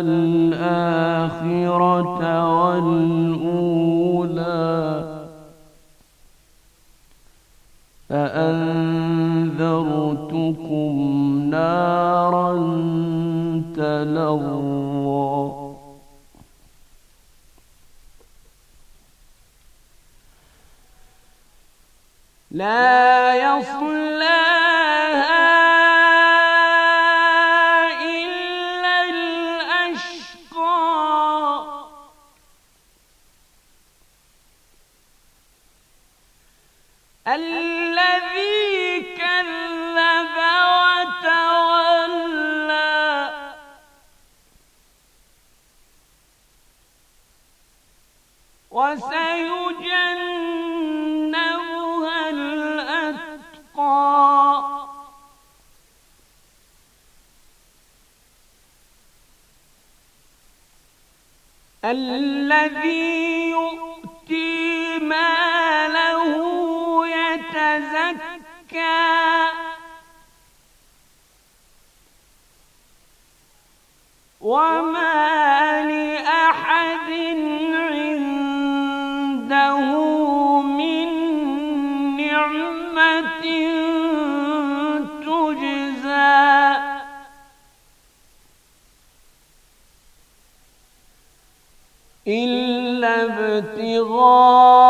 الآخرة والأولى فأنذرتكم نارا تلظى لا يصلى الذي ابتغاء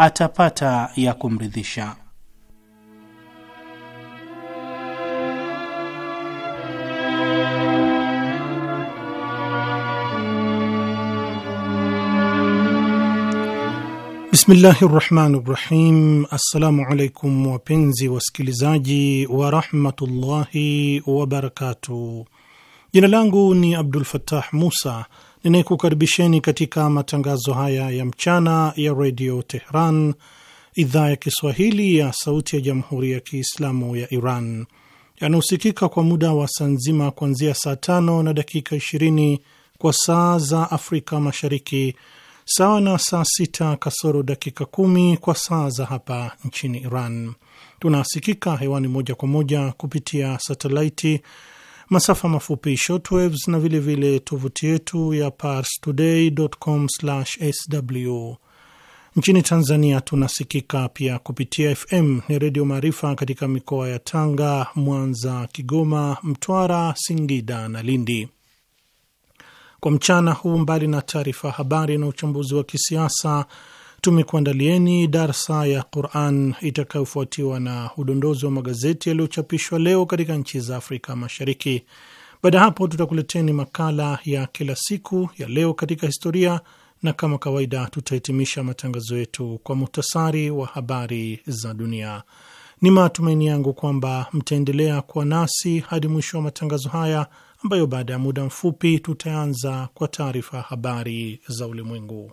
atapata ya kumridhisha. Bismillahi rahmani rahim. Assalamu alaikum wapenzi wasikilizaji warahmatullahi wabarakatuh. Jina langu ni Abdul Fattah Musa ninayekukaribisheni katika matangazo haya ya mchana ya redio Tehran, idhaa ya Kiswahili ya sauti ya jamhuri ya Kiislamu ya Iran, yanahusikika kwa muda wa saa nzima kuanzia saa tano na dakika 20 kwa saa za Afrika Mashariki, sawa na saa sita kasoro dakika kumi kwa saa za hapa nchini Iran. Tunasikika hewani moja kwa moja kupitia satelaiti masafa mafupi shortwaves na vilevile tovuti yetu ya parstoday.com/sw. Nchini Tanzania tunasikika pia kupitia FM ni Redio Maarifa katika mikoa ya Tanga, Mwanza, Kigoma, Mtwara, Singida na Lindi. Kwa mchana huu, mbali na taarifa habari na uchambuzi wa kisiasa tumekuandalieni darsa ya Quran itakayofuatiwa na udondozi wa magazeti yaliyochapishwa leo katika nchi za Afrika Mashariki. Baada ya hapo, tutakuleteni makala ya kila siku ya leo katika historia, na kama kawaida tutahitimisha matangazo yetu kwa muhtasari wa habari za dunia. Ni matumaini yangu kwamba mtaendelea kuwa nasi hadi mwisho wa matangazo haya ambayo baada ya muda mfupi tutaanza kwa taarifa habari za ulimwengu.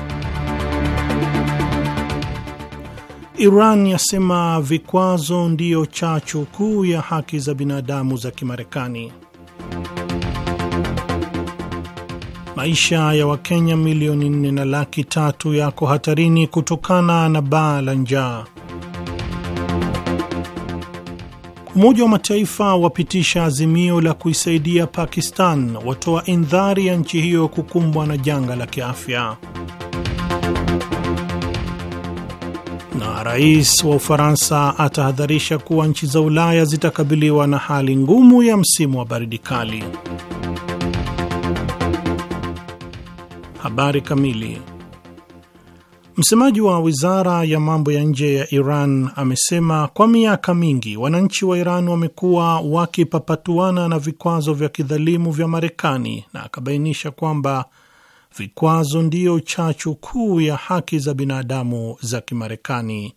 Iran yasema vikwazo ndiyo chachu kuu ya haki za binadamu za Kimarekani. Maisha ya Wakenya milioni nne na laki tatu yako hatarini kutokana na baa la njaa. Umoja wa Mataifa wapitisha azimio la kuisaidia Pakistan, watoa indhari ya nchi hiyo kukumbwa na janga la kiafya. na rais wa Ufaransa atahadharisha kuwa nchi za Ulaya zitakabiliwa na hali ngumu ya msimu wa baridi kali. Habari kamili. Msemaji wa wizara ya mambo ya nje ya Iran amesema kwa miaka mingi wananchi wa Iran wamekuwa wakipapatuana na vikwazo vya kidhalimu vya Marekani, na akabainisha kwamba vikwazo ndiyo chachu kuu ya haki za binadamu za Kimarekani.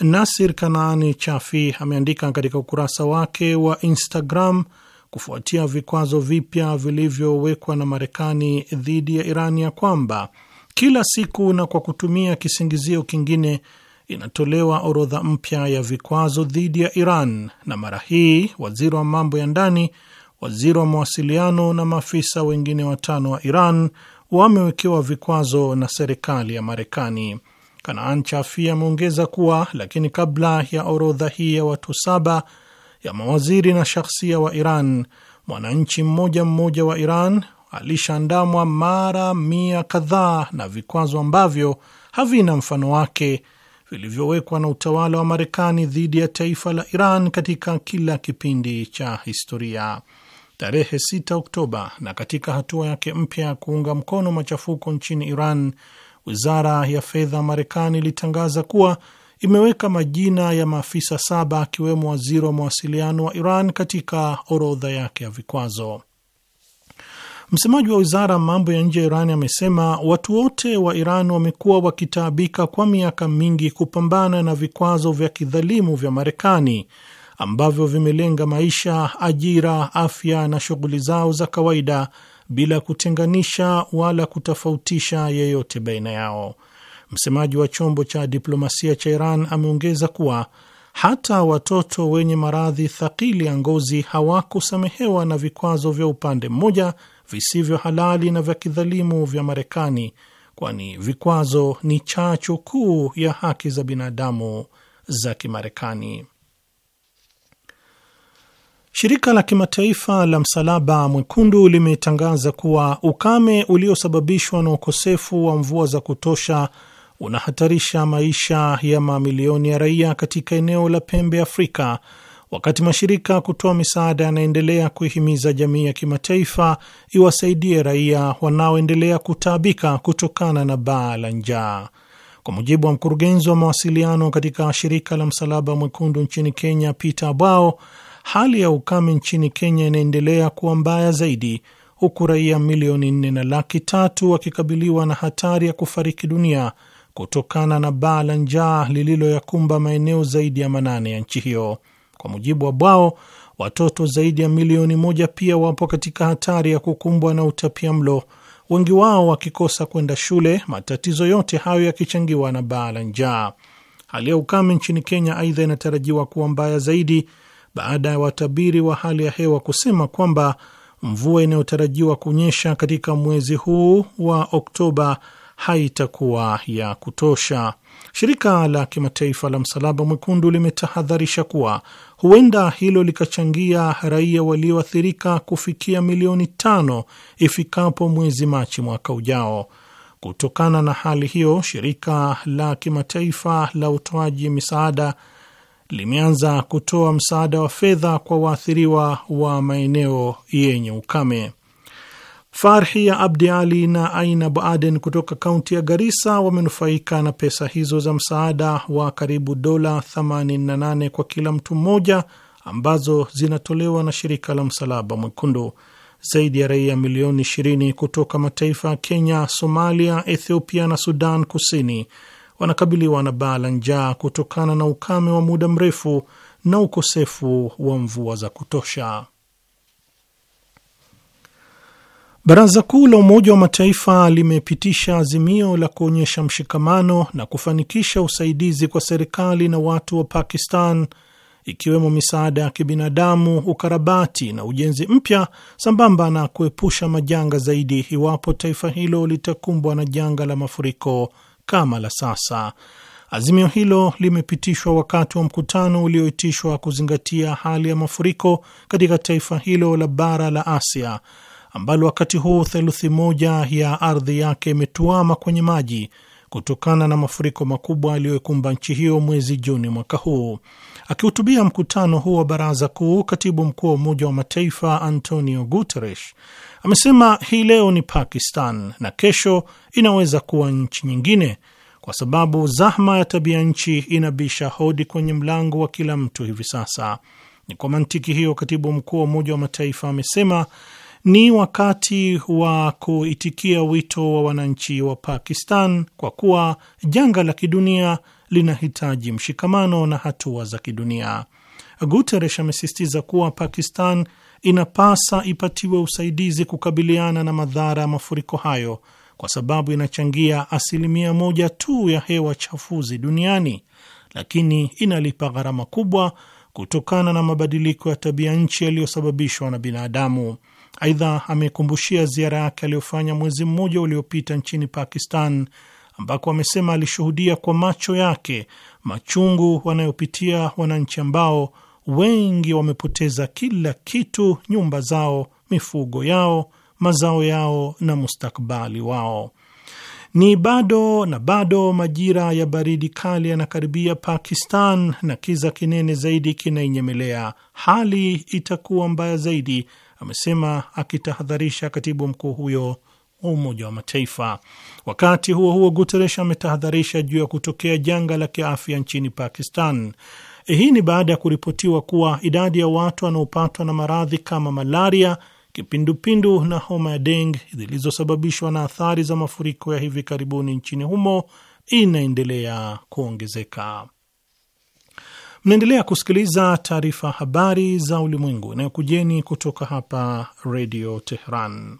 Nasir Kanaani Chafi ameandika katika ukurasa wake wa Instagram kufuatia vikwazo vipya vilivyowekwa na Marekani dhidi ya Iran ya kwamba kila siku na kwa kutumia kisingizio kingine inatolewa orodha mpya ya vikwazo dhidi ya Iran, na mara hii waziri wa mambo ya ndani, waziri wa mawasiliano na maafisa wengine watano wa Iran wamewekewa vikwazo na serikali ya Marekani. Kanaan Chafi ameongeza kuwa lakini kabla ya orodha hii ya watu saba ya mawaziri na shakhsia wa Iran, mwananchi mmoja mmoja wa Iran alishandamwa mara mia kadhaa na vikwazo ambavyo havina mfano wake vilivyowekwa na utawala wa Marekani dhidi ya taifa la Iran katika kila kipindi cha historia tarehe 6 Oktoba. Na katika hatua yake mpya ya kuunga mkono machafuko nchini Iran, wizara ya fedha Marekani ilitangaza kuwa imeweka majina ya maafisa saba akiwemo waziri wa mawasiliano wa Iran katika orodha yake ya vikwazo. Msemaji wa wizara ya mambo ya nje ya Iran amesema watu wote wa Iran wamekuwa wakitaabika kwa miaka mingi kupambana na vikwazo vya kidhalimu vya Marekani ambavyo vimelenga maisha, ajira, afya na shughuli zao za kawaida bila kutenganisha wala kutofautisha yeyote baina yao. Msemaji wa chombo cha diplomasia cha Iran ameongeza kuwa hata watoto wenye maradhi thakili ya ngozi hawakusamehewa na vikwazo vya upande mmoja visivyo halali na vya kidhalimu vya Marekani, kwani vikwazo ni chachu kuu ya haki za binadamu za Kimarekani. Shirika la kimataifa la Msalaba Mwekundu limetangaza kuwa ukame uliosababishwa na ukosefu wa mvua za kutosha unahatarisha maisha ya mamilioni ya raia katika eneo la pembe Afrika, wakati mashirika kutoa misaada yanaendelea kuihimiza jamii ya kimataifa iwasaidie raia wanaoendelea kutaabika kutokana na baa la njaa. Kwa mujibu wa mkurugenzi wa mawasiliano katika shirika la Msalaba Mwekundu nchini Kenya, Peter Bao, hali ya ukame nchini Kenya inaendelea kuwa mbaya zaidi, huku raia milioni nne na laki tatu wakikabiliwa na hatari ya kufariki dunia kutokana na baa la njaa lililoyakumba maeneo zaidi ya manane ya nchi hiyo. Kwa mujibu wa BWAO, watoto zaidi ya milioni moja pia wapo katika hatari ya kukumbwa na utapia mlo, wengi wao wakikosa kwenda shule, matatizo yote hayo yakichangiwa na baa la njaa. Hali ya ukame nchini Kenya aidha inatarajiwa kuwa mbaya zaidi baada ya watabiri wa hali ya hewa kusema kwamba mvua inayotarajiwa kunyesha katika mwezi huu wa Oktoba haitakuwa ya kutosha. Shirika la kimataifa la Msalaba Mwekundu limetahadharisha kuwa huenda hilo likachangia raia walioathirika kufikia milioni tano ifikapo mwezi Machi mwaka ujao. Kutokana na hali hiyo, shirika la kimataifa la utoaji misaada limeanza kutoa msaada wa fedha kwa waathiriwa wa maeneo yenye ukame. Farhi ya Abdi Ali na Ainab Aden kutoka kaunti ya Garisa wamenufaika na pesa hizo za msaada wa karibu dola 88 kwa kila mtu mmoja ambazo zinatolewa na shirika la Msalaba Mwekundu. Zaidi ya raia milioni 20 kutoka mataifa ya Kenya, Somalia, Ethiopia na Sudan Kusini wanakabiliwa na baa la njaa kutokana na ukame wa muda mrefu na ukosefu wa mvua za kutosha. Baraza Kuu la Umoja wa Mataifa limepitisha azimio la kuonyesha mshikamano na kufanikisha usaidizi kwa serikali na watu wa Pakistan, ikiwemo misaada ya kibinadamu, ukarabati na ujenzi mpya, sambamba na kuepusha majanga zaidi iwapo taifa hilo litakumbwa na janga la mafuriko kama la sasa. Azimio hilo limepitishwa wakati wa mkutano ulioitishwa kuzingatia hali ya mafuriko katika taifa hilo la bara la Asia ambalo wakati huu theluthi moja ya ardhi yake imetuama kwenye maji kutokana na mafuriko makubwa yaliyoikumba nchi hiyo mwezi Juni mwaka huu. Akihutubia mkutano huu wa baraza kuu, katibu mkuu wa Umoja wa Mataifa Antonio Guterres Amesema hii leo ni Pakistan na kesho inaweza kuwa nchi nyingine, kwa sababu zahma ya tabia nchi inabisha hodi kwenye mlango wa kila mtu hivi sasa. Ni kwa mantiki hiyo, katibu mkuu wa Umoja wa Mataifa amesema ni wakati wa kuitikia wito wa wananchi wa Pakistan kwa kuwa janga la kidunia linahitaji mshikamano na hatua za kidunia. Guterres amesisitiza kuwa Pakistan inapasa ipatiwe usaidizi kukabiliana na madhara ya mafuriko hayo, kwa sababu inachangia asilimia moja tu ya hewa chafuzi duniani, lakini inalipa gharama kubwa kutokana na mabadiliko ya tabia nchi yaliyosababishwa na binadamu. Aidha, amekumbushia ziara yake aliyofanya mwezi mmoja uliopita nchini Pakistan ambako amesema alishuhudia kwa macho yake machungu wanayopitia wananchi ambao wengi wamepoteza kila kitu: nyumba zao, mifugo yao, mazao yao na mustakbali wao. Ni bado na bado, majira ya baridi kali yanakaribia Pakistan na kiza kinene zaidi kinainyemelea. Hali itakuwa mbaya zaidi, amesema akitahadharisha katibu mkuu huyo wa Umoja wa Mataifa. Wakati huo huo, guteresh ametahadharisha juu ya kutokea janga la kiafya nchini Pakistan hii ni baada ya kuripotiwa kuwa idadi ya watu wanaopatwa na maradhi kama malaria, kipindupindu na homa ya deng zilizosababishwa na athari za mafuriko ya hivi karibuni nchini humo inaendelea kuongezeka. Mnaendelea kusikiliza taarifa habari za ulimwengu inayokujeni kutoka hapa Redio teheran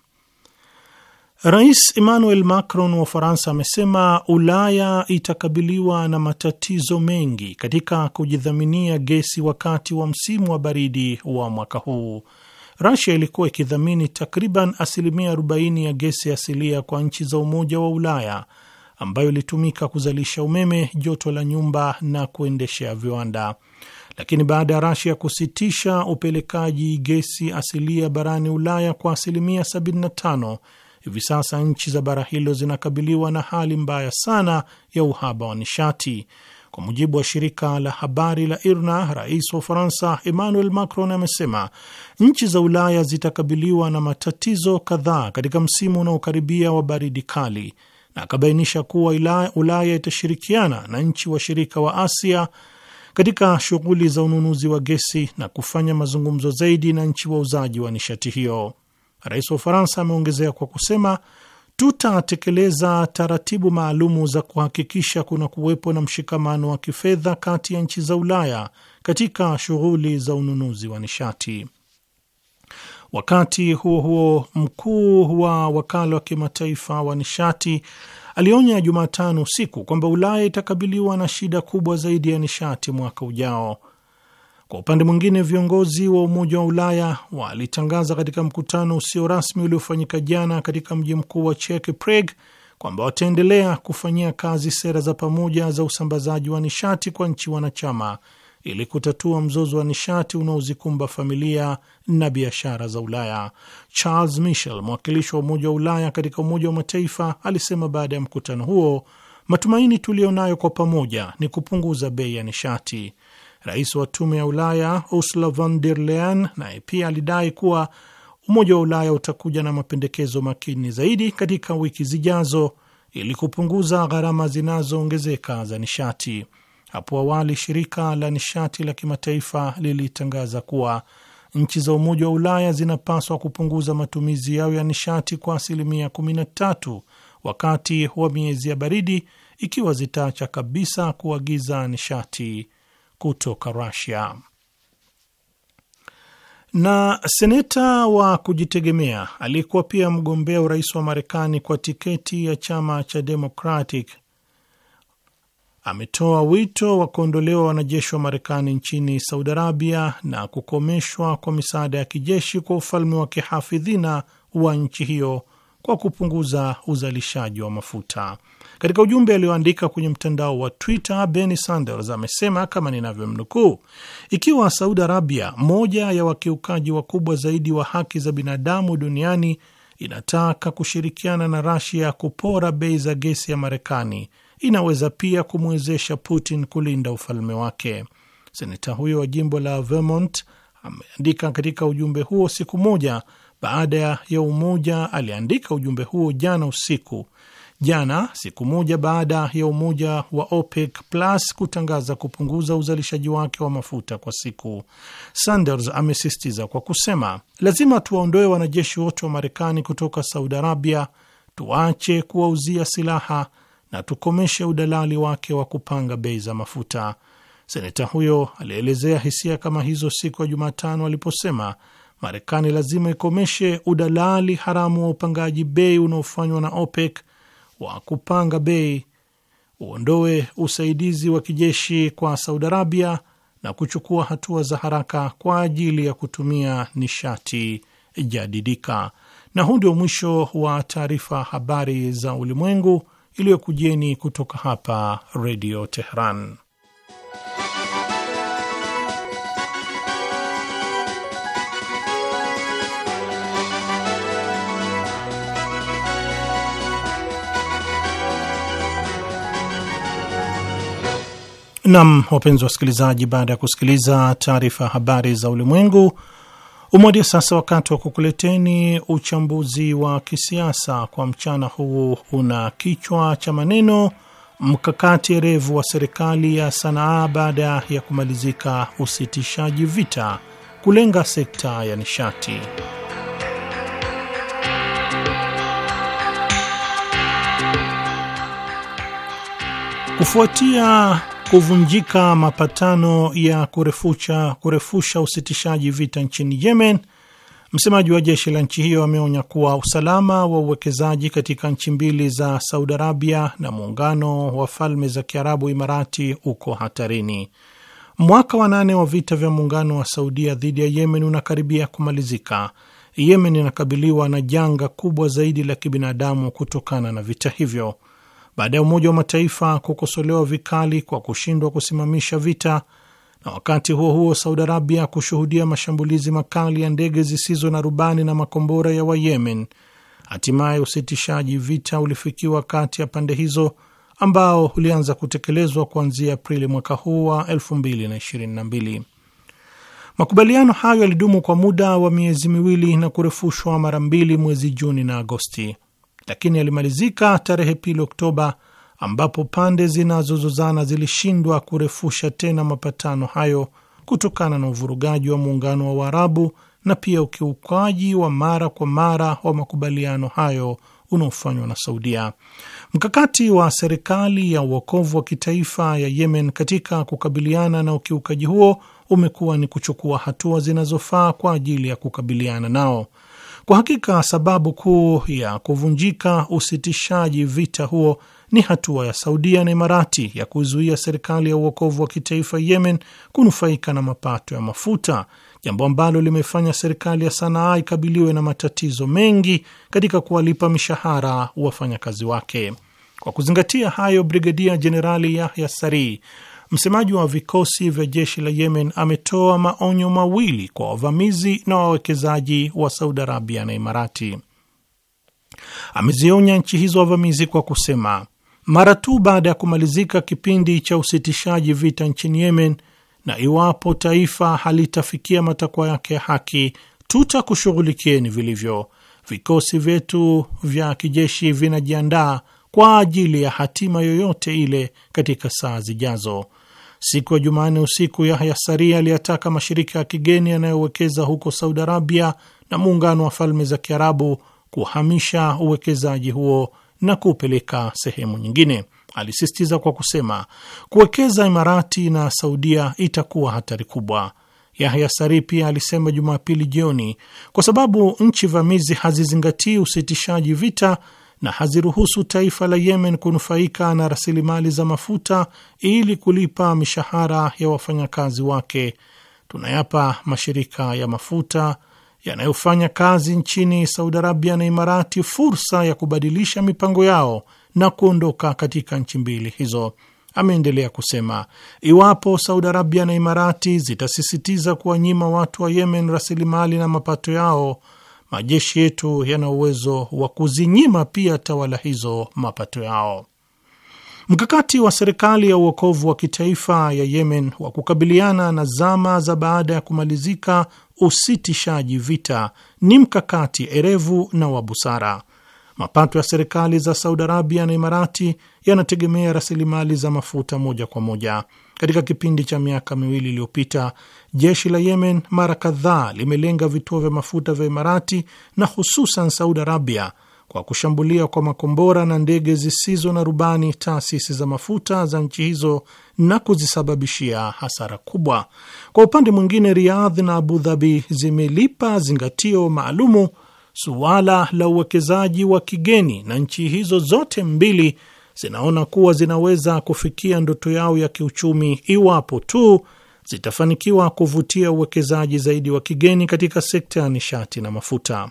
Rais Emmanuel Macron wa Ufaransa amesema Ulaya itakabiliwa na matatizo mengi katika kujidhaminia gesi wakati wa msimu wa baridi wa mwaka huu. Rasia ilikuwa ikidhamini takriban asilimia 40 ya gesi asilia kwa nchi za Umoja wa Ulaya ambayo ilitumika kuzalisha umeme, joto la nyumba na kuendeshea viwanda. Lakini baada ya Rasia kusitisha upelekaji gesi asilia barani Ulaya kwa asilimia Hivi sasa nchi za bara hilo zinakabiliwa na hali mbaya sana ya uhaba wa nishati. Kwa mujibu wa shirika la habari la IRNA, rais wa Ufaransa Emmanuel Macron amesema nchi za Ulaya zitakabiliwa na matatizo kadhaa katika msimu unaokaribia wa baridi kali, na akabainisha kuwa Ulaya itashirikiana na nchi washirika wa Asia katika shughuli za ununuzi wa gesi na kufanya mazungumzo zaidi na nchi wauzaji wa nishati hiyo. Rais wa Ufaransa ameongezea kwa kusema, tutatekeleza taratibu maalumu za kuhakikisha kuna kuwepo na mshikamano wa kifedha kati ya nchi za Ulaya katika shughuli za ununuzi wa nishati. Wakati huo huo, mkuu wa wakala wa kimataifa wa nishati alionya Jumatano usiku kwamba Ulaya itakabiliwa na shida kubwa zaidi ya nishati mwaka ujao. Kwa upande mwingine, viongozi wa Umoja wa Ulaya walitangaza katika mkutano usio rasmi uliofanyika jana katika mji mkuu wa Czech Prague kwamba wataendelea kufanyia kazi sera za pamoja za usambazaji wa nishati kwa nchi wanachama ili kutatua mzozo wa nishati unaozikumba familia na biashara za Ulaya. Charles Michel, mwakilishi wa Umoja wa Ulaya katika Umoja wa Mataifa, alisema baada ya mkutano huo, matumaini tuliyo nayo kwa pamoja ni kupunguza bei ya nishati Rais wa tume ya Ulaya Ursula von der Leyen naye pia alidai kuwa Umoja wa Ulaya utakuja na mapendekezo makini zaidi katika wiki zijazo ili kupunguza gharama zinazoongezeka za nishati. Hapo awali shirika la nishati la kimataifa lilitangaza kuwa nchi za Umoja wa Ulaya zinapaswa kupunguza matumizi yao ya nishati kwa asilimia 13 wakati wa miezi ya baridi, ikiwa zitaacha kabisa kuagiza nishati kutoka Rusia. Na seneta wa kujitegemea aliyekuwa pia mgombea urais wa Marekani kwa tiketi ya chama cha Democratic ametoa wito wa kuondolewa wanajeshi wa Marekani nchini Saudi Arabia na kukomeshwa kwa misaada ya kijeshi kwa ufalme wa kihafidhina wa nchi hiyo kwa kupunguza uzalishaji wa mafuta. Katika ujumbe alioandika kwenye mtandao wa Twitter, Bernie Sanders amesema kama ninavyomnukuu, ikiwa Saudi Arabia, moja ya wakiukaji wakubwa zaidi wa haki za binadamu duniani, inataka kushirikiana na Rasia kupora bei za gesi ya Marekani, inaweza pia kumwezesha Putin kulinda ufalme wake. Seneta huyo wa jimbo la Vermont ameandika katika ujumbe huo siku moja baada ya umoja aliandika ujumbe huo jana usiku Jana, siku moja baada ya umoja wa OPEC Plus kutangaza kupunguza uzalishaji wake wa mafuta kwa siku, Sanders amesisitiza kwa kusema, lazima tuwaondoe wanajeshi wote wa Marekani kutoka Saudi Arabia, tuache kuwauzia silaha na tukomeshe udalali wake wa kupanga bei za mafuta. Seneta huyo alielezea hisia kama hizo siku ya Jumatano aliposema Marekani lazima ikomeshe udalali haramu wa upangaji bei unaofanywa na OPEC wa kupanga bei, uondoe usaidizi wa kijeshi kwa Saudi Arabia na kuchukua hatua za haraka kwa ajili ya kutumia nishati jadidika. Na huu ndio mwisho wa taarifa habari za ulimwengu iliyokujeni kutoka hapa Redio Teheran. Nam, wapenzi wasikilizaji, baada ya kusikiliza taarifa ya habari za ulimwengu, umoja sasa wakati wa kukuleteni uchambuzi wa kisiasa kwa mchana huu. Una kichwa cha maneno mkakati revu wa serikali ya Sanaa baada ya kumalizika usitishaji vita kulenga sekta ya nishati. Kufuatia kuvunjika mapatano ya kurefusha, kurefusha usitishaji vita nchini Yemen, msemaji wa jeshi la nchi hiyo ameonya kuwa usalama wa uwekezaji katika nchi mbili za Saudi Arabia na muungano wa falme za Kiarabu Imarati uko hatarini. Mwaka wa nane wa vita vya muungano wa Saudia dhidi ya Yemen unakaribia kumalizika. Yemen inakabiliwa na janga kubwa zaidi la kibinadamu kutokana na vita hivyo baada ya Umoja wa Mataifa kukosolewa vikali kwa kushindwa kusimamisha vita na wakati huo huo Saudi Arabia kushuhudia mashambulizi makali ya ndege zisizo na rubani na makombora ya Wayemen, hatimaye usitishaji vita ulifikiwa kati ya pande hizo ambao ulianza kutekelezwa kuanzia Aprili mwaka huu wa 2022. Makubaliano hayo yalidumu kwa muda wa miezi miwili na kurefushwa mara mbili mwezi Juni na Agosti lakini yalimalizika tarehe pili Oktoba ambapo pande zinazozozana zilishindwa kurefusha tena mapatano hayo kutokana na uvurugaji wa muungano wa Waarabu na pia ukiukaji wa mara kwa mara wa makubaliano hayo unaofanywa na Saudia. Mkakati wa serikali ya uokovu wa kitaifa ya Yemen katika kukabiliana na ukiukaji huo umekuwa ni kuchukua hatua zinazofaa kwa ajili ya kukabiliana nao. Kwa hakika sababu kuu ya kuvunjika usitishaji vita huo ni hatua ya Saudia na Imarati ya kuzuia serikali ya uokovu wa kitaifa Yemen kunufaika na mapato ya mafuta, jambo ambalo limefanya serikali ya Sanaa ikabiliwe na matatizo mengi katika kuwalipa mishahara wafanyakazi wake. Kwa kuzingatia hayo, Brigedia Jenerali Yahya sarii Msemaji wa vikosi vya jeshi la Yemen ametoa maonyo mawili kwa wavamizi na wawekezaji wa Saudi Arabia na Imarati. Amezionya nchi hizo wavamizi kwa kusema, mara tu baada ya kumalizika kipindi cha usitishaji vita nchini Yemen na iwapo taifa halitafikia matakwa yake ya haki, tutakushughulikieni vilivyo. Vikosi vyetu vya kijeshi vinajiandaa kwa ajili ya hatima yoyote ile katika saa zijazo. Siku ya Jumanne usiku, Yahya Saria aliyataka mashirika ya kigeni yanayowekeza huko Saudi Arabia na Muungano wa Falme za Kiarabu kuhamisha uwekezaji huo na kuupeleka sehemu nyingine. Alisisitiza kwa kusema kuwekeza Imarati na Saudia itakuwa hatari kubwa. Yahya Sari pia alisema Jumapili jioni, kwa sababu nchi vamizi hazizingatii usitishaji vita na haziruhusu taifa la Yemen kunufaika na rasilimali za mafuta ili kulipa mishahara ya wafanyakazi wake. Tunayapa mashirika ya mafuta yanayofanya kazi nchini Saudi Arabia na Imarati fursa ya kubadilisha mipango yao na kuondoka katika nchi mbili hizo. Ameendelea kusema iwapo Saudi Arabia na Imarati zitasisitiza kuwanyima watu wa Yemen rasilimali na mapato yao majeshi yetu yana uwezo wa kuzinyima pia tawala hizo mapato yao. Mkakati wa serikali ya uokovu wa kitaifa ya Yemen wa kukabiliana na zama za baada ya kumalizika usitishaji vita ni mkakati erevu na wa busara. Mapato ya serikali za Saudi Arabia na Imarati yanategemea rasilimali za mafuta moja kwa moja. Katika kipindi cha miaka miwili iliyopita, jeshi la Yemen mara kadhaa limelenga vituo vya mafuta vya Imarati na hususan Saudi Arabia kwa kushambulia kwa makombora na ndege zisizo na rubani taasisi za mafuta za nchi hizo na kuzisababishia hasara kubwa. Kwa upande mwingine, Riyadh na Abu Dhabi zimelipa zingatio maalumu suala la uwekezaji wa kigeni na nchi hizo zote mbili zinaona kuwa zinaweza kufikia ndoto yao ya kiuchumi iwapo tu zitafanikiwa kuvutia uwekezaji zaidi wa kigeni katika sekta ya nishati na mafuta.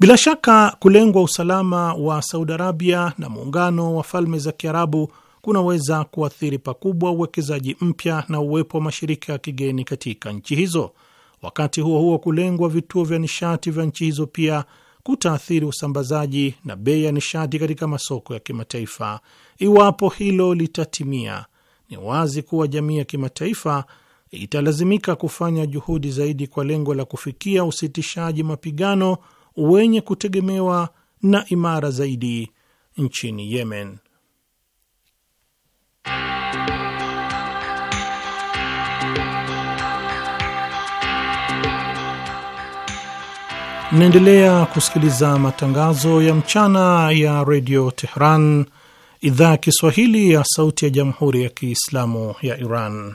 Bila shaka kulengwa usalama wa Saudi Arabia na muungano wa falme za Kiarabu kunaweza kuathiri pakubwa uwekezaji mpya na uwepo wa mashirika ya kigeni katika nchi hizo. Wakati huo huo, kulengwa vituo vya nishati vya nchi hizo pia kutaathiri usambazaji na bei ya nishati katika masoko ya kimataifa. Iwapo hilo litatimia, ni wazi kuwa jamii ya kimataifa italazimika kufanya juhudi zaidi kwa lengo la kufikia usitishaji mapigano wenye kutegemewa na imara zaidi nchini Yemen. naendelea kusikiliza matangazo ya mchana ya redio Tehran, idhaa ya Kiswahili ya Sauti ya Jamhuri ya Kiislamu ya Iran.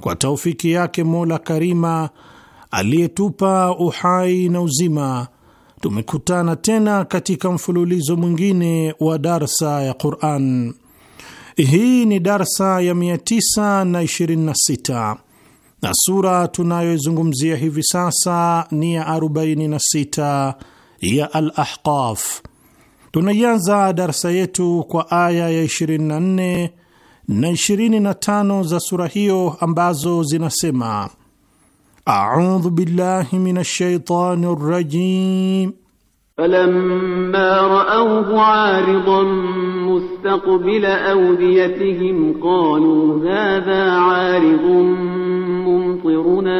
kwa taufiki yake Mola Karima aliyetupa uhai na uzima, tumekutana tena katika mfululizo mwingine wa darsa ya Quran. Hii ni darsa ya 926 na sura tunayoizungumzia hivi sasa ni ya 46 ya Al-Ahqaf. Tunaianza darsa yetu kwa aya ya 24 na ishirini na tano za sura hiyo ambazo zinasema: audhu billahi min shaitani rajim falamma raauhu aridan mustaqbila awdiyatihim qalu hadha aridun mumtiruna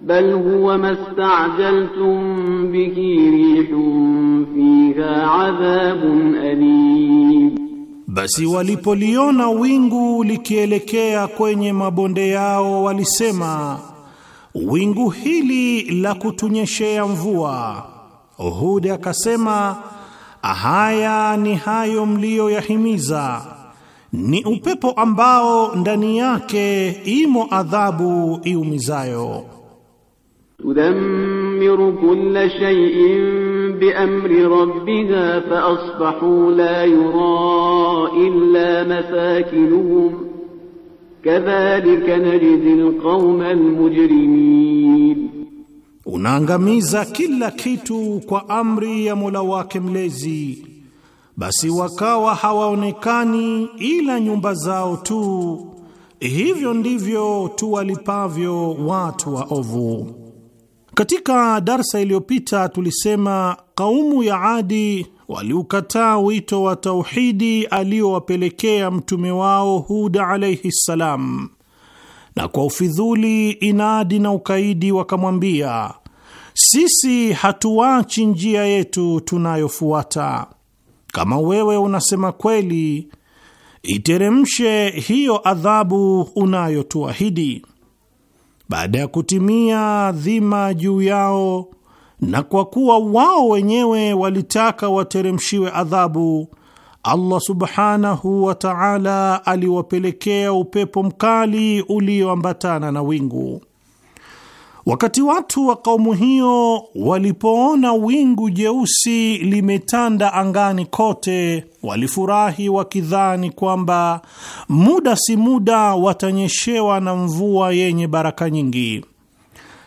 bal huwa mastajaltum bihi rihun fiha adhabun alim Basi walipoliona wingu likielekea kwenye mabonde yao, walisema wingu hili la kutunyeshea mvua. uhudi akasema, haya ni hayo mliyoyahimiza, ni upepo ambao ndani yake imo adhabu iumizayo تدمر كل شيء بأمر ربها فأصبحوا لا يرى إلا مساكنهم كذلك نجزي القوم المجرمين Unaangamiza kila kitu kwa amri ya Mola wake mlezi, basi wakawa hawaonekani ila nyumba zao tu. Hivyo ndivyo tuwalipavyo watu waovu. Katika darsa iliyopita tulisema kaumu ya Adi waliukataa wito wa tauhidi aliowapelekea mtume wao Huda alaihi ssalam, na kwa ufidhuli, inadi na ukaidi wakamwambia, sisi hatuwachi njia yetu tunayofuata, kama wewe unasema kweli, iteremshe hiyo adhabu unayotuahidi baada ya kutimia dhima juu yao, na kwa kuwa wao wenyewe walitaka wateremshiwe adhabu, Allah subhanahu wa ta'ala aliwapelekea upepo mkali ulioambatana na wingu. Wakati watu wa kaumu hiyo walipoona wingu jeusi limetanda angani kote, walifurahi wakidhani kwamba muda si muda watanyeshewa na mvua yenye baraka nyingi.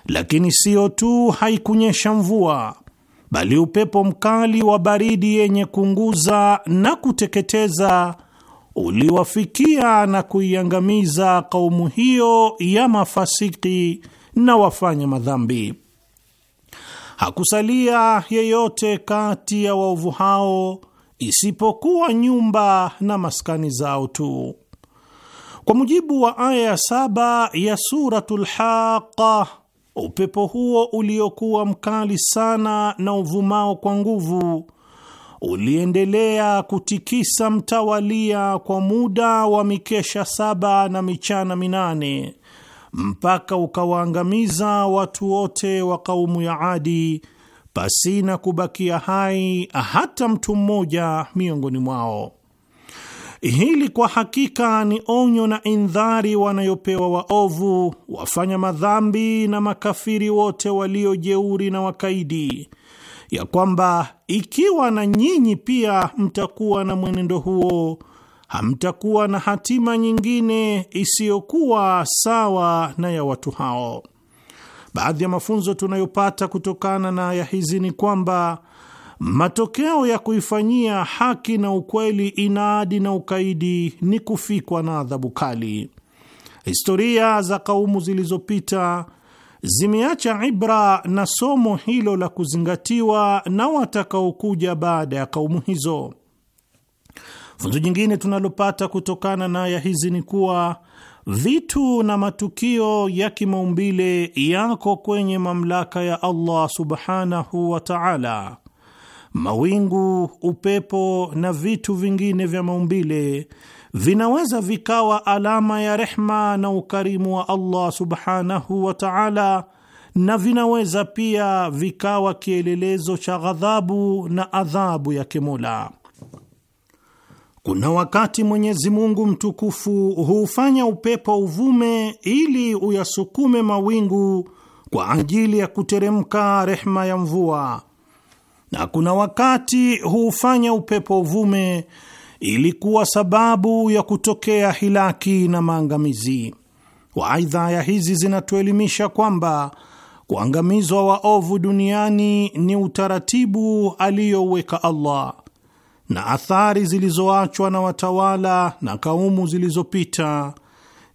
Lakini siyo tu haikunyesha mvua, bali upepo mkali wa baridi yenye kunguza na kuteketeza uliwafikia na kuiangamiza kaumu hiyo ya mafasiki na wafanya madhambi. Hakusalia yeyote kati ya waovu hao isipokuwa nyumba na maskani zao tu. Kwa mujibu wa aya ya saba ya Suratul Haqa, upepo huo uliokuwa mkali sana na uvumao kwa nguvu uliendelea kutikisa mtawalia kwa muda wa mikesha saba na michana minane mpaka ukawaangamiza watu wote wa kaumu ya Adi pasina kubakia hai hata mtu mmoja miongoni mwao. Hili kwa hakika ni onyo na indhari wanayopewa waovu, wafanya madhambi na makafiri wote waliojeuri na wakaidi, ya kwamba ikiwa na nyinyi pia mtakuwa na mwenendo huo hamtakuwa na hatima nyingine isiyokuwa sawa na ya watu hao. Baadhi ya mafunzo tunayopata kutokana na aya hizi ni kwamba matokeo ya kuifanyia haki na ukweli inadi na ukaidi ni kufikwa na adhabu kali. Historia za kaumu zilizopita zimeacha ibra na somo hilo la kuzingatiwa na watakaokuja baada ya kaumu hizo. Funzo jingine tunalopata kutokana na aya hizi ni kuwa vitu na matukio ya kimaumbile yako kwenye mamlaka ya Allah subhanahu wa ta'ala. Mawingu, upepo na vitu vingine vya maumbile vinaweza vikawa alama ya rehma na ukarimu wa Allah subhanahu wa ta'ala, na vinaweza pia vikawa kielelezo cha ghadhabu na adhabu yake Mola. Kuna wakati Mwenyezi Mungu mtukufu huufanya upepo uvume ili uyasukume mawingu kwa ajili ya kuteremka rehma ya mvua, na kuna wakati huufanya upepo uvume ili kuwa sababu ya kutokea hilaki na maangamizi. waaidha aya hizi zinatuelimisha kwamba kuangamizwa waovu duniani ni utaratibu aliyouweka Allah na athari zilizoachwa na watawala na kaumu zilizopita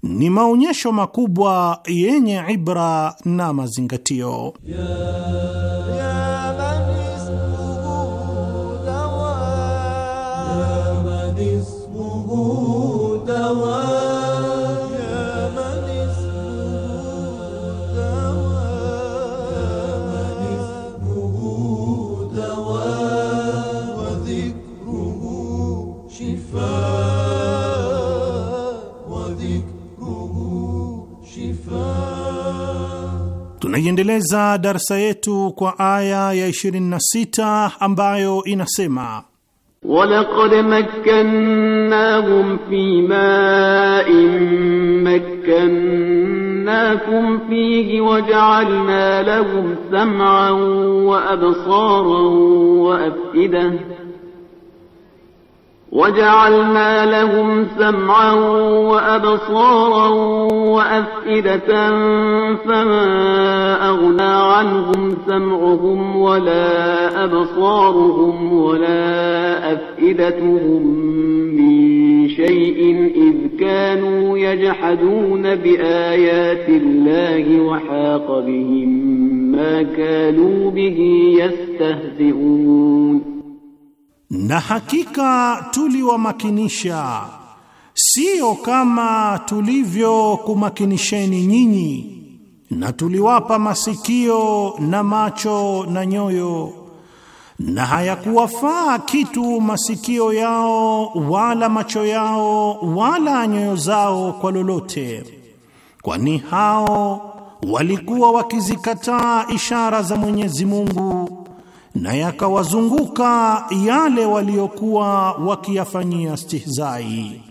ni maonyesho makubwa yenye ibra na mazingatio ya, ya. Tunaiendeleza darsa yetu kwa aya ya 26 ambayo inasema walaqad makkannahum fi ma'in makkannakum fihi waja'alna lahum sam'an wa absaran wa af'idah وجعلنا لهم سمعا وأبصارا وأفئدة فما أغنى عنهم سمعهم ولا أبصارهم ولا أفئدتهم من شيء إذ كانوا يجحدون بآيات الله وحاق بهم ما كانوا به يستهزئون Na hakika tuliwamakinisha, sio kama tulivyokumakinisheni nyinyi, na tuliwapa masikio na macho na nyoyo, na hayakuwafaa kitu masikio yao wala macho yao wala nyoyo zao kwa lolote, kwani hao walikuwa wakizikataa ishara za Mwenyezi Mungu na yakawazunguka yale waliokuwa wakiyafanyia stihzai.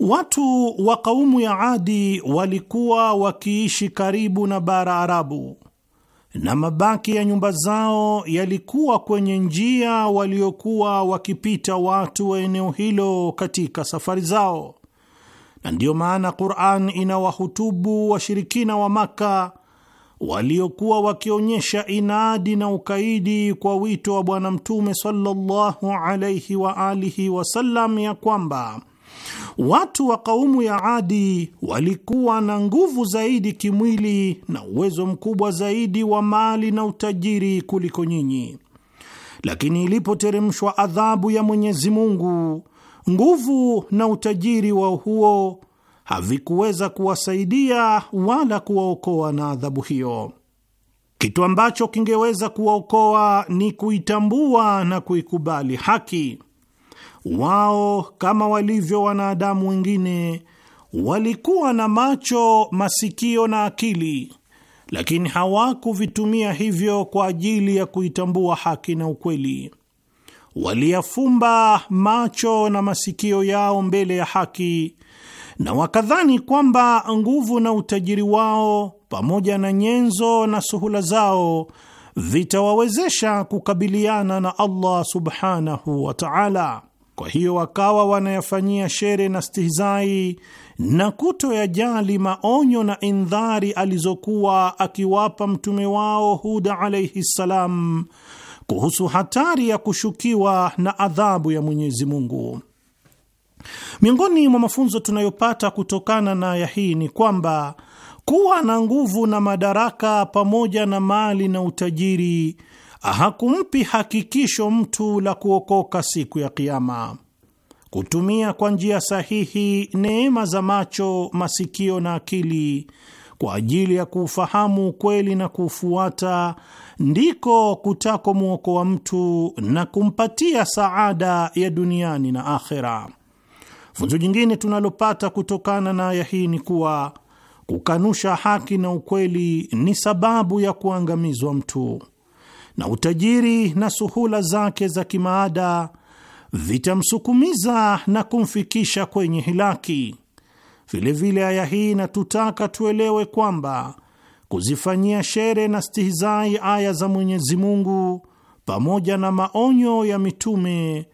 Watu wa kaumu ya Adi walikuwa wakiishi karibu na bara Arabu, na mabaki ya nyumba zao yalikuwa kwenye njia waliokuwa wakipita watu wa eneo hilo katika safari zao, na ndiyo maana Qur'an inawahutubu washirikina wa Maka waliokuwa wakionyesha inadi na ukaidi kwa wito wa Bwana Mtume sallallahu alaihi wa alihi wasallam, ya kwamba watu wa kaumu ya Adi walikuwa na nguvu zaidi kimwili na uwezo mkubwa zaidi wa mali na utajiri kuliko nyinyi, lakini ilipoteremshwa adhabu ya Mwenyezi Mungu, nguvu na utajiri wao huo havikuweza kuwasaidia wala kuwaokoa na adhabu hiyo. Kitu ambacho kingeweza kuwaokoa ni kuitambua na kuikubali haki. Wao kama walivyo wanadamu wengine walikuwa na macho, masikio na akili, lakini hawakuvitumia hivyo kwa ajili ya kuitambua haki na ukweli. Waliyafumba macho na masikio yao mbele ya haki na wakadhani kwamba nguvu na utajiri wao pamoja na nyenzo na suhula zao vitawawezesha kukabiliana na Allah subhanahu wa ta'ala. Kwa hiyo wakawa wanayafanyia shere na stihizai na kutoyajali maonyo na indhari alizokuwa akiwapa mtume wao Huda alaihi ssalam kuhusu hatari ya kushukiwa na adhabu ya Mwenyezi Mungu. Miongoni mwa mafunzo tunayopata kutokana na aya hii ni kwamba kuwa na nguvu na madaraka pamoja na mali na utajiri hakumpi hakikisho mtu la kuokoka siku ya Kiama. Kutumia kwa njia sahihi neema za macho, masikio na akili kwa ajili ya kuufahamu ukweli na kuufuata ndiko kutako wa mtu na kumpatia saada ya duniani na akhera. Funzo jingine tunalopata kutokana na aya hii ni kuwa kukanusha haki na ukweli ni sababu ya kuangamizwa mtu, na utajiri na suhula zake za kimaada vitamsukumiza na kumfikisha kwenye hilaki. Vilevile aya hii inatutaka tuelewe kwamba kuzifanyia shere na stihizai aya za Mwenyezi Mungu pamoja na maonyo ya mitume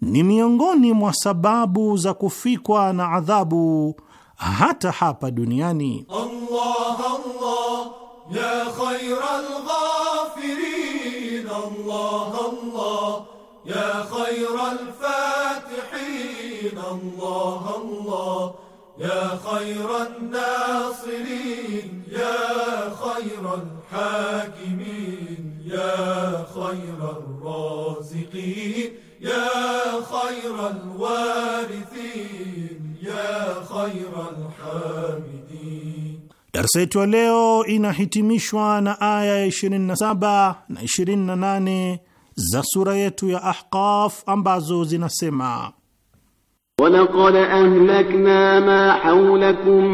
ni miongoni mwa sababu za kufikwa na adhabu hata hapa duniani. Allah, Allah, ya ya يا خير الوارثين يا خير الحامدين. Darsa yetu ya leo inahitimishwa na aya ya 27 na 28 za sura yetu ya Ahqaf ambazo zinasema ولقد أهلكنا ما حولكم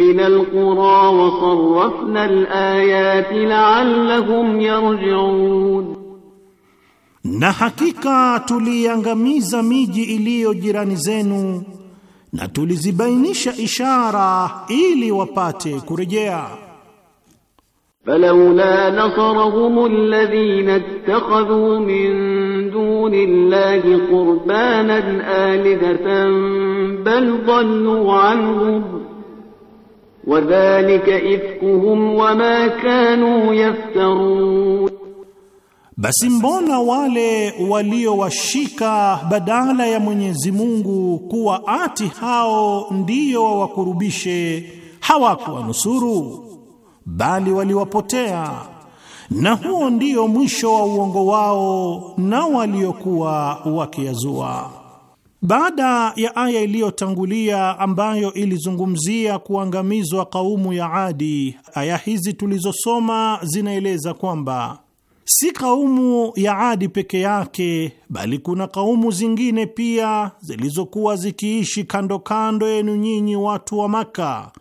من القرى وصرفنا الآيات لعلهم يرجعون Na hakika tuliiangamiza miji iliyo jirani zenu na tulizibainisha ishara ili wapate kurejea. Falawla nasarahum alladhina ittakhadhu min duni Allahi qurbanan alihatan bal dhallu anhum wadhalika ifkuhum wama kanu yaftarun basi mbona wale waliowashika badala ya Mwenyezi Mungu kuwa ati hao ndiyo wawakurubishe hawakuwanusuru bali waliwapotea, na huo ndio mwisho wa uongo wao na waliokuwa wakiyazua. Baada ya aya iliyotangulia ambayo ilizungumzia kuangamizwa kaumu ya Adi, aya hizi tulizosoma zinaeleza kwamba Si kaumu ya Adi peke yake, bali kuna kaumu zingine pia zilizokuwa zikiishi kando kando yenu nyinyi watu wa Maka,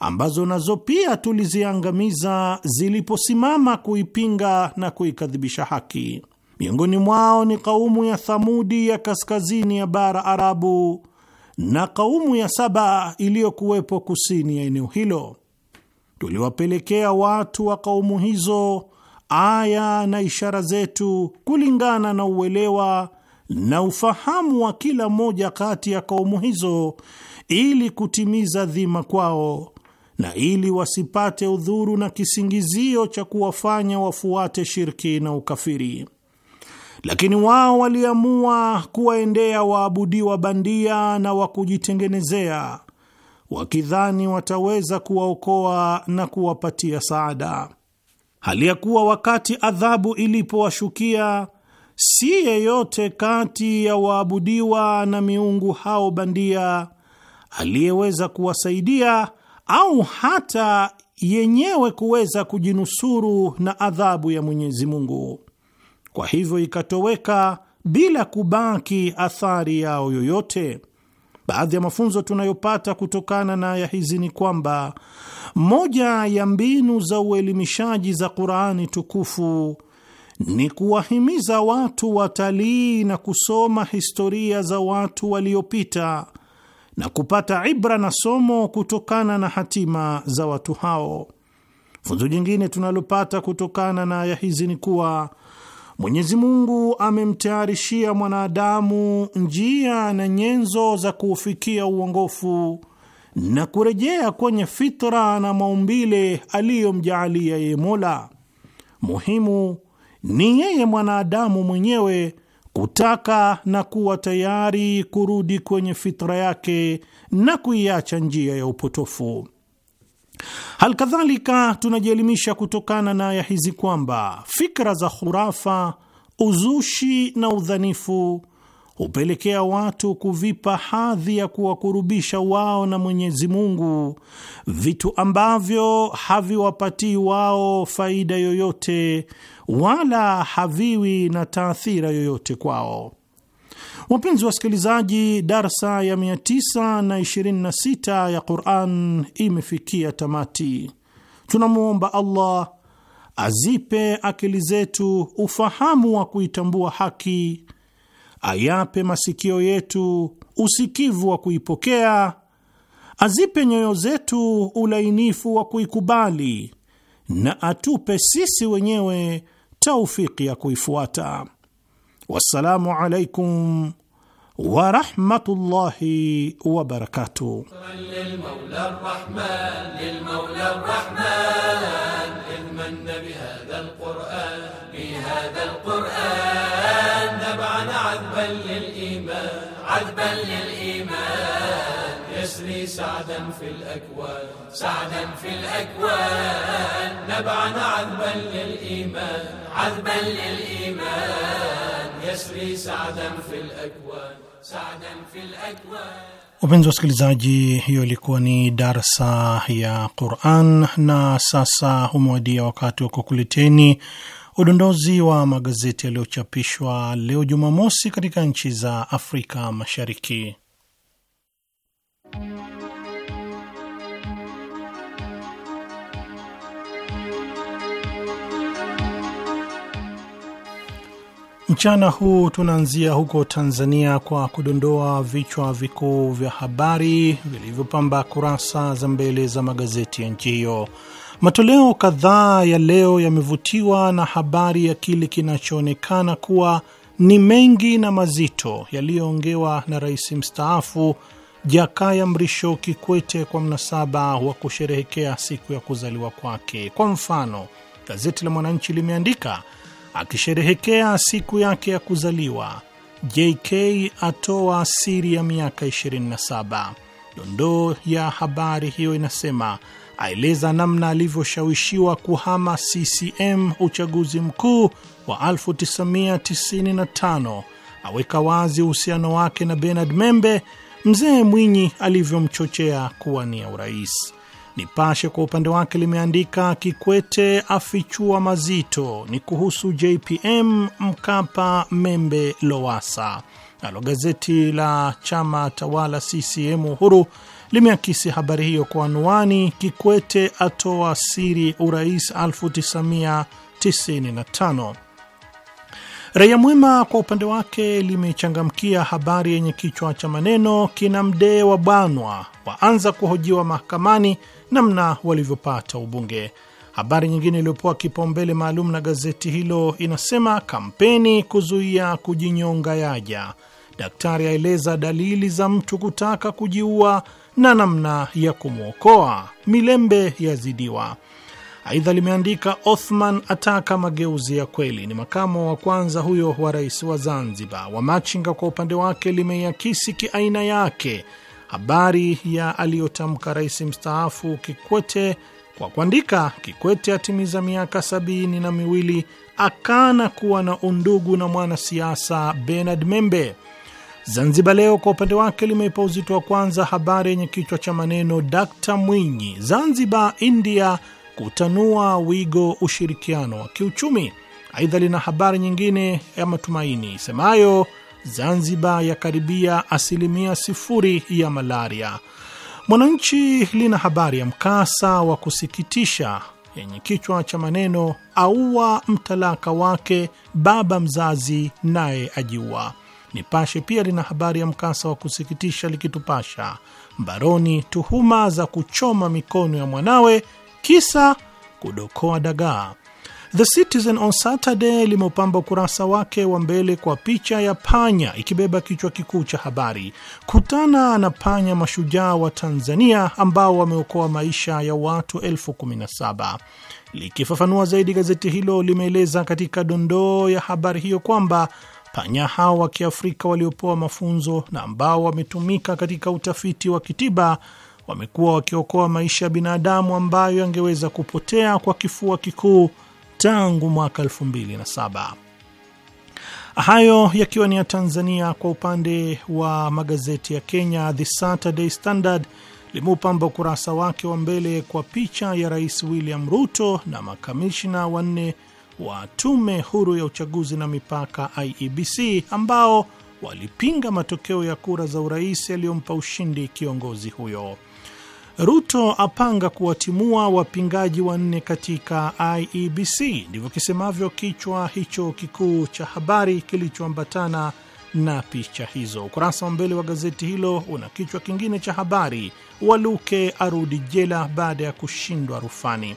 ambazo nazo pia tuliziangamiza ziliposimama kuipinga na kuikadhibisha haki. Miongoni mwao ni kaumu ya Thamudi ya kaskazini ya bara Arabu na kaumu ya Saba iliyokuwepo kusini ya eneo hilo. Tuliwapelekea watu wa kaumu hizo aya na ishara zetu kulingana na uelewa na ufahamu wa kila moja kati ya kaumu hizo, ili kutimiza dhima kwao na ili wasipate udhuru na kisingizio cha kuwafanya wafuate shirki na ukafiri. Lakini wao waliamua kuwaendea waabudiwa bandia na wa kujitengenezea, wakidhani wataweza kuwaokoa na kuwapatia saada hali ya kuwa wakati adhabu ilipowashukia si yeyote kati ya waabudiwa na miungu hao bandia aliyeweza kuwasaidia au hata yenyewe kuweza kujinusuru na adhabu ya Mwenyezi Mungu. Kwa hivyo ikatoweka bila kubaki athari yao yoyote. Baadhi ya mafunzo tunayopata kutokana na aya hizi ni kwamba moja ya mbinu za uelimishaji za Qur'ani tukufu ni kuwahimiza watu watalii na kusoma historia za watu waliopita na kupata ibra na somo kutokana na hatima za watu hao. Funzo jingine tunalopata kutokana na aya hizi ni kuwa Mwenyezi Mungu amemtayarishia mwanadamu njia na nyenzo za kuufikia uongofu na kurejea kwenye fitra na maumbile aliyomjaalia yeye Mola. Muhimu ni yeye mwanadamu mwenyewe kutaka na kuwa tayari kurudi kwenye fitra yake na kuiacha njia ya upotofu. Hal kadhalika tunajielimisha kutokana na aya hizi kwamba fikra za khurafa, uzushi na udhanifu hupelekea watu kuvipa hadhi ya kuwakurubisha wao na Mwenyezi Mungu vitu ambavyo haviwapatii wao faida yoyote wala haviwi na taathira yoyote kwao. Wapenzi wasikilizaji, darsa ya 926 ya Quran imefikia tamati. Tunamwomba Allah azipe akili zetu ufahamu wa kuitambua haki, ayape masikio yetu usikivu wa kuipokea, azipe nyoyo zetu ulainifu wa kuikubali, na atupe sisi wenyewe taufiki ya kuifuata. Wassalamu alaikum ورحمة الله وبركاته للمولى الرحمن للمولى الرحمن المن بهذا القرآن بهذا القرآن نبعنا عذبا للإيمان عذبا للإيمان يسري سعدا في الأكوان سعدا في الأكوان نبعنا عذبا للإيمان عذبا للإيمان يسري سعدا في الأكوان Wapenzi wasikilizaji, hiyo ilikuwa ni darsa ya Quran na sasa umewadia wakati wa kukuleteni udondozi wa magazeti yaliyochapishwa leo Jumamosi katika nchi za Afrika Mashariki. Mchana huu tunaanzia huko Tanzania kwa kudondoa vichwa vikuu vya habari vilivyopamba kurasa za mbele za magazeti ya nchi hiyo. Matoleo kadhaa ya leo yamevutiwa na habari ya kile kinachoonekana kuwa ni mengi na mazito yaliyoongewa na rais mstaafu Jakaya Mrisho Kikwete kwa mnasaba wa kusherehekea siku ya kuzaliwa kwake. Kwa mfano, gazeti la Mwananchi limeandika akisherehekea siku yake ya kuzaliwa, JK atoa siri ya miaka 27. Dondoo ya habari hiyo inasema aeleza namna alivyoshawishiwa kuhama CCM uchaguzi mkuu wa 1995, aweka wazi uhusiano wake na Bernard Membe, mzee Mwinyi alivyomchochea kuwania urais. Nipashe kwa upande wake limeandika Kikwete afichua mazito ni kuhusu JPM, Mkapa, Membe, Lowasa. Nalo gazeti la chama tawala CCM Uhuru limeakisi habari hiyo kwa anwani Kikwete atoa siri urais 1995. Raia Mwema kwa upande wake limechangamkia habari yenye kichwa cha maneno kina Mdee wa banwa waanza kuhojiwa mahakamani namna walivyopata ubunge. Habari nyingine iliyopewa kipaumbele maalum na gazeti hilo inasema kampeni kuzuia kujinyonga yaja, daktari aeleza dalili za mtu kutaka kujiua na namna ya kumwokoa, milembe yazidiwa. Aidha limeandika Othman ataka mageuzi ya kweli. Ni makamo wa kwanza huyo wa rais wa Zanzibar. Wamachinga kwa upande wake limeiakisi kiaina yake habari ya aliyotamka rais mstaafu Kikwete kwa kuandika, Kikwete atimiza miaka sabini na miwili akana kuwa na undugu na mwanasiasa Bernard Membe. Zanzibar Leo kwa upande wake limeipa uzito wa kwanza habari yenye kichwa cha maneno Dkt Mwinyi, Zanzibar India kutanua wigo ushirikiano wa kiuchumi. Aidha lina habari nyingine ya matumaini isemayo Zanzibar yakaribia asilimia sifuri ya malaria. Mwananchi lina habari ya mkasa wa kusikitisha yenye kichwa cha maneno aua mtalaka wake baba mzazi naye ajiua. Nipashe pia lina habari ya mkasa wa kusikitisha likitupasha mbaroni tuhuma za kuchoma mikono ya mwanawe kisa kudokoa dagaa. The Citizen on Saturday limeupamba ukurasa wake wa mbele kwa picha ya panya ikibeba kichwa kikuu cha habari, kutana na panya mashujaa wa Tanzania ambao wameokoa maisha ya watu elfu kumi na saba. Likifafanua zaidi, gazeti hilo limeeleza katika dondoo ya habari hiyo kwamba panya hao wa Kiafrika waliopewa mafunzo na ambao wametumika katika utafiti wa kitiba wamekuwa wakiokoa maisha ya binadamu ambayo yangeweza kupotea kwa kifua kikuu tangu mwaka saba. Hayo yakiwa ni ya Tanzania. Kwa upande wa magazeti ya Kenya, The Saturday Standard limeupamba ukurasa wake wa mbele kwa picha ya Rais William Ruto na makamishna wanne wa Tume Huru ya Uchaguzi na Mipaka, IEBC, ambao walipinga matokeo ya kura za urais yaliyompa ushindi kiongozi huyo. Ruto apanga kuwatimua wapingaji wanne katika IEBC, ndivyo kisemavyo kichwa hicho kikuu cha habari kilichoambatana na picha hizo. Ukurasa wa mbele wa gazeti hilo una kichwa kingine cha habari, Waluke arudi jela baada ya kushindwa rufani.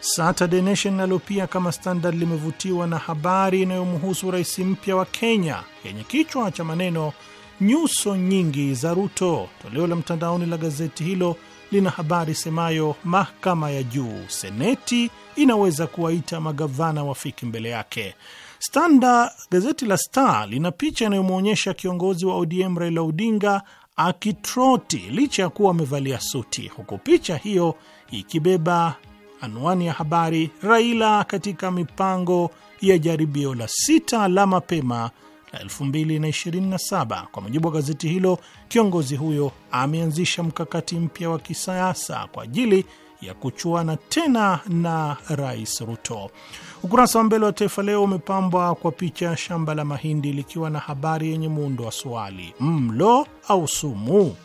Saturday Nation nalo pia kama Standard limevutiwa na habari inayomhusu rais mpya wa Kenya yenye kichwa cha maneno nyuso nyingi za Ruto. Toleo la mtandaoni la gazeti hilo lina habari semayo mahakama ya juu seneti inaweza kuwaita magavana wafiki mbele yake. Standard, gazeti la Star lina picha inayomwonyesha kiongozi wa ODM Raila Odinga akitroti licha ya kuwa amevalia suti, huku picha hiyo ikibeba anwani ya habari, Raila katika mipango ya jaribio la sita la mapema 2027. Kwa mujibu wa gazeti hilo, kiongozi huyo ameanzisha mkakati mpya wa kisiasa kwa ajili ya kuchuana tena na Rais Ruto. Ukurasa wa mbele wa Taifa Leo umepambwa kwa picha ya shamba la mahindi likiwa na habari yenye muundo wa swali, mlo au sumu?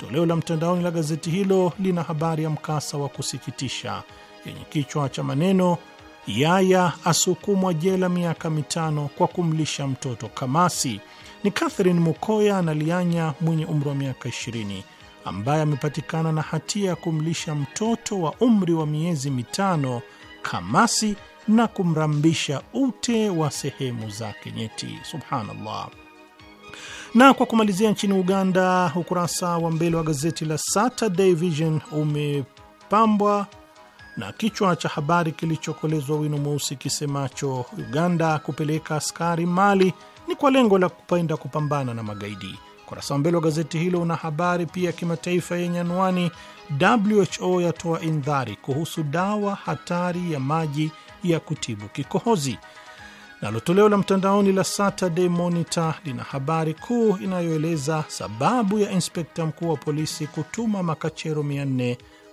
Toleo la mtandaoni la gazeti hilo lina habari ya mkasa wa kusikitisha yenye kichwa cha maneno Yaya asukumwa jela miaka mitano kwa kumlisha mtoto kamasi. Ni Catherine Mukoya Nalianya mwenye umri wa miaka 20 ambaye amepatikana na hatia ya kumlisha mtoto wa umri wa miezi mitano kamasi na kumrambisha ute wa sehemu zake nyeti. Subhanallah. Na kwa kumalizia, nchini Uganda, ukurasa wa mbele wa gazeti la Saturday Vision umepambwa na kichwa cha habari kilichokolezwa wino mweusi kisemacho Uganda kupeleka askari Mali ni kwa lengo la kupenda kupambana na magaidi. Ukurasa wa mbele wa gazeti hilo una habari pia ya kimataifa yenye anwani WHO yatoa indhari kuhusu dawa hatari ya maji ya kutibu kikohozi. Nalo toleo la mtandaoni la Saturday Monitor lina habari kuu inayoeleza sababu ya inspekta mkuu wa polisi kutuma makachero 400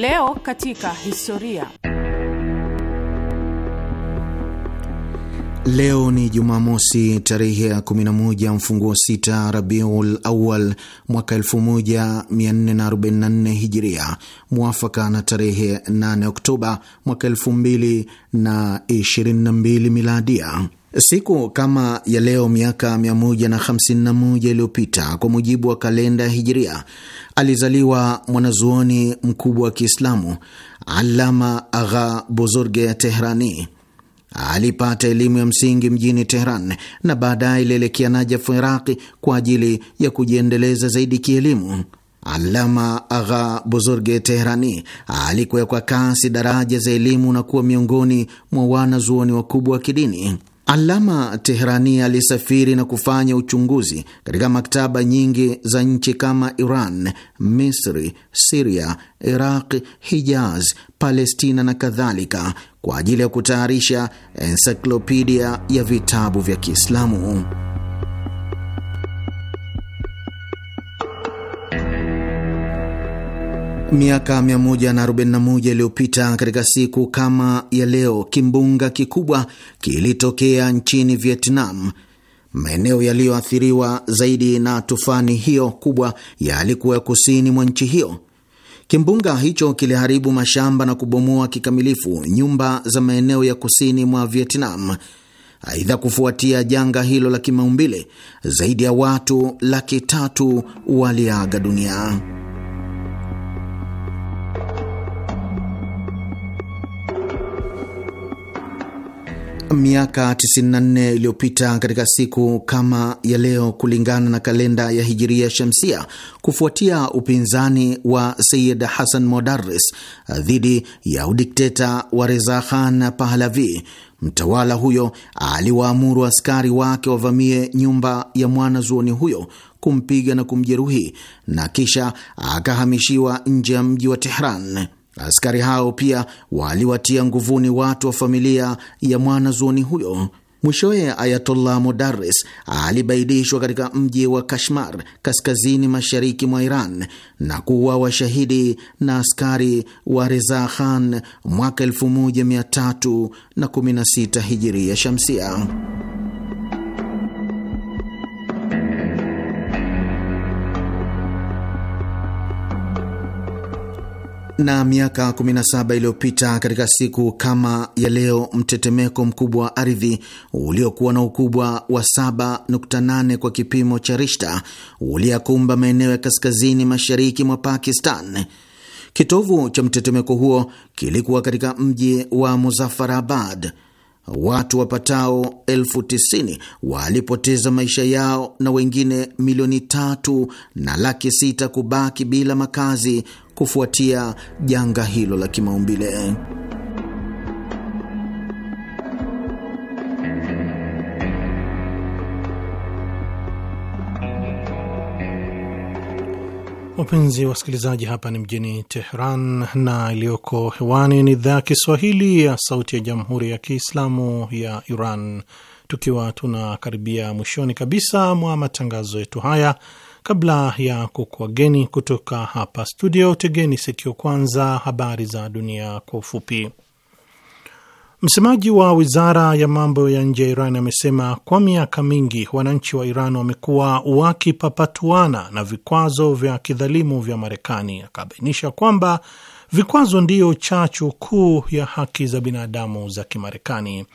Leo katika historia. Leo ni Jumamosi tarehe ya 11 mfunguo sita Rabiul Awal mwaka 1444 Hijiria, mwafaka na tarehe 8 Oktoba mwaka 2022 Miladia. Siku kama ya leo miaka 151 iliyopita kwa mujibu wa kalenda Hijria, alizaliwa mwanazuoni mkubwa wa Kiislamu Alama Agha Bozorge ya Tehrani. Alipata elimu ya msingi mjini Tehran na baadaye ilielekea Najafu, Iraqi, kwa ajili ya kujiendeleza zaidi kielimu. Alama Agha Bozorge Tehrani alikwea kwa kasi daraja za elimu na kuwa miongoni mwa wanazuoni wakubwa wa kidini. Alama Teherani alisafiri na kufanya uchunguzi katika maktaba nyingi za nchi kama Iran, Misri, Siria, Iraq, Hijaz, Palestina na kadhalika kwa ajili ya kutayarisha ensiklopidia ya vitabu vya Kiislamu. Miaka 141 iliyopita katika siku kama ya leo, kimbunga kikubwa kilitokea nchini Vietnam. Maeneo yaliyoathiriwa zaidi na tufani hiyo kubwa yalikuwa ya kusini mwa nchi hiyo. Kimbunga hicho kiliharibu mashamba na kubomoa kikamilifu nyumba za maeneo ya kusini mwa Vietnam. Aidha, kufuatia janga hilo la kimaumbile, zaidi ya watu laki tatu waliaga dunia. Miaka 94 iliyopita katika siku kama ya leo, kulingana na kalenda ya hijiria shamsia, kufuatia upinzani wa Sayid Hasan Modarres dhidi ya udikteta wa Reza Khan Pahlavi, mtawala huyo aliwaamuru askari wake wavamie nyumba ya mwanazuoni huyo kumpiga na kumjeruhi, na kisha akahamishiwa nje ya mji wa Tehran. Askari hao pia waliwatia nguvuni watu wa familia ya mwanazuoni huyo. Mwishowe Ayatollah Modares alibaidishwa katika mji wa Kashmar kaskazini mashariki mwa Iran na kuwa washahidi na askari wa Reza Khan mwaka 1316 ya shamsia. Na miaka 17 iliyopita katika siku kama ya leo, mtetemeko mkubwa wa ardhi uliokuwa na ukubwa wa 7.8 kwa kipimo cha Rishta uliyakumba maeneo ya kaskazini mashariki mwa Pakistan. Kitovu cha mtetemeko huo kilikuwa katika mji wa Muzaffarabad. Watu wapatao elfu tisini walipoteza maisha yao na wengine milioni tatu na laki sita kubaki bila makazi kufuatia janga hilo la kimaumbile. Wapenzi wasikilizaji, hapa ni mjini Teheran na iliyoko hewani ni idhaa ya Kiswahili ya Sauti ya Jamhuri ya Kiislamu ya Iran, tukiwa tunakaribia mwishoni kabisa mwa matangazo yetu haya Kabla ya kukuageni kutoka hapa studio, tegeni sikio kwanza habari za dunia kwa ufupi. Msemaji wa wizara ya mambo ya nje ya Iran amesema kwa miaka mingi wananchi wa Iran wamekuwa wakipapatuana na vikwazo vya kidhalimu vya Marekani. Akabainisha kwamba Vikwazo ndiyo chachu kuu ya haki za binadamu za Kimarekani.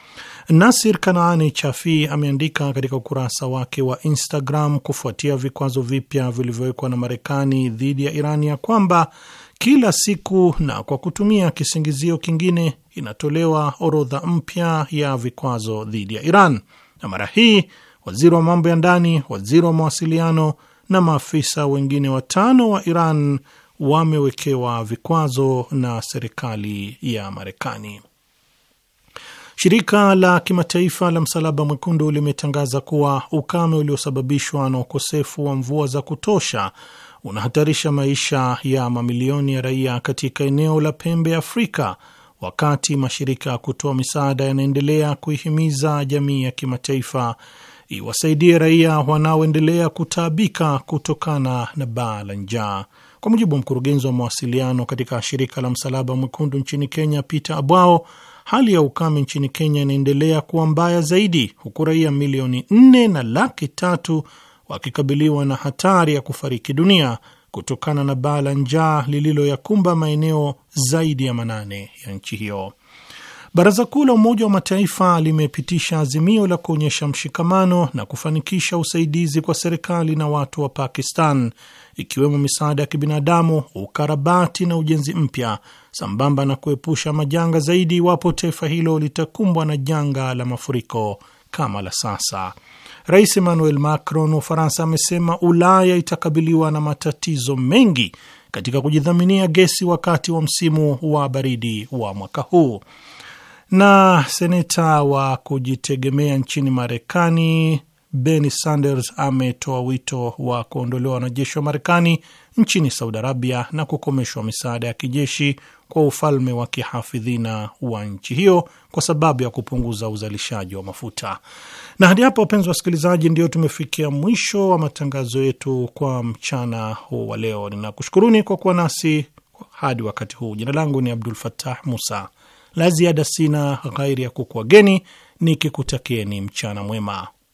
Nasir Kanaani Chafi ameandika katika ukurasa wake wa Instagram kufuatia vikwazo vipya vilivyowekwa na Marekani dhidi ya Irani ya kwamba kila siku na kwa kutumia kisingizio kingine inatolewa orodha mpya ya vikwazo dhidi ya Iran, na mara hii waziri wa mambo ya ndani, waziri wa mawasiliano na maafisa wengine watano wa Iran wamewekewa vikwazo na serikali ya Marekani. Shirika la kimataifa la Msalaba Mwekundu limetangaza kuwa ukame uliosababishwa na ukosefu wa mvua za kutosha unahatarisha maisha ya mamilioni ya raia katika eneo la pembe Afrika, wakati mashirika ya kutoa misaada yanaendelea kuihimiza jamii ya kimataifa iwasaidie raia wanaoendelea kutaabika kutokana na baa la njaa. Kwa mujibu wa mkurugenzi wa mawasiliano katika shirika la Msalaba Mwekundu nchini Kenya, Peter Abwao, hali ya ukame nchini Kenya inaendelea kuwa mbaya zaidi, huku raia milioni nne na laki tatu wakikabiliwa na hatari ya kufariki dunia kutokana na baa la njaa lililoyakumba maeneo zaidi ya manane ya nchi hiyo. Baraza Kuu la Umoja wa Mataifa limepitisha azimio la kuonyesha mshikamano na kufanikisha usaidizi kwa serikali na watu wa Pakistan ikiwemo misaada ya kibinadamu, ukarabati na ujenzi mpya, sambamba na kuepusha majanga zaidi iwapo taifa hilo litakumbwa na janga la mafuriko kama la sasa. Rais Emmanuel Macron wa Ufaransa amesema Ulaya itakabiliwa na matatizo mengi katika kujidhaminia gesi wakati wa msimu wa baridi wa mwaka huu. Na seneta wa kujitegemea nchini Marekani Bernie Sanders ametoa wito wa kuondolewa wanajeshi wa Marekani nchini Saudi Arabia na kukomeshwa misaada ya kijeshi kwa ufalme wa kihafidhina wa nchi hiyo kwa sababu ya kupunguza uzalishaji wa mafuta. Na hadi hapo, wapenzi wasikilizaji, ndio tumefikia mwisho wa matangazo yetu kwa mchana huu wa leo. Ninakushukuruni kwa kuwa nasi hadi wakati huu. Jina langu ni Abdul fatah Musa. La ziada sina ghairi ya kukuageni nikikutakieni mchana mwema.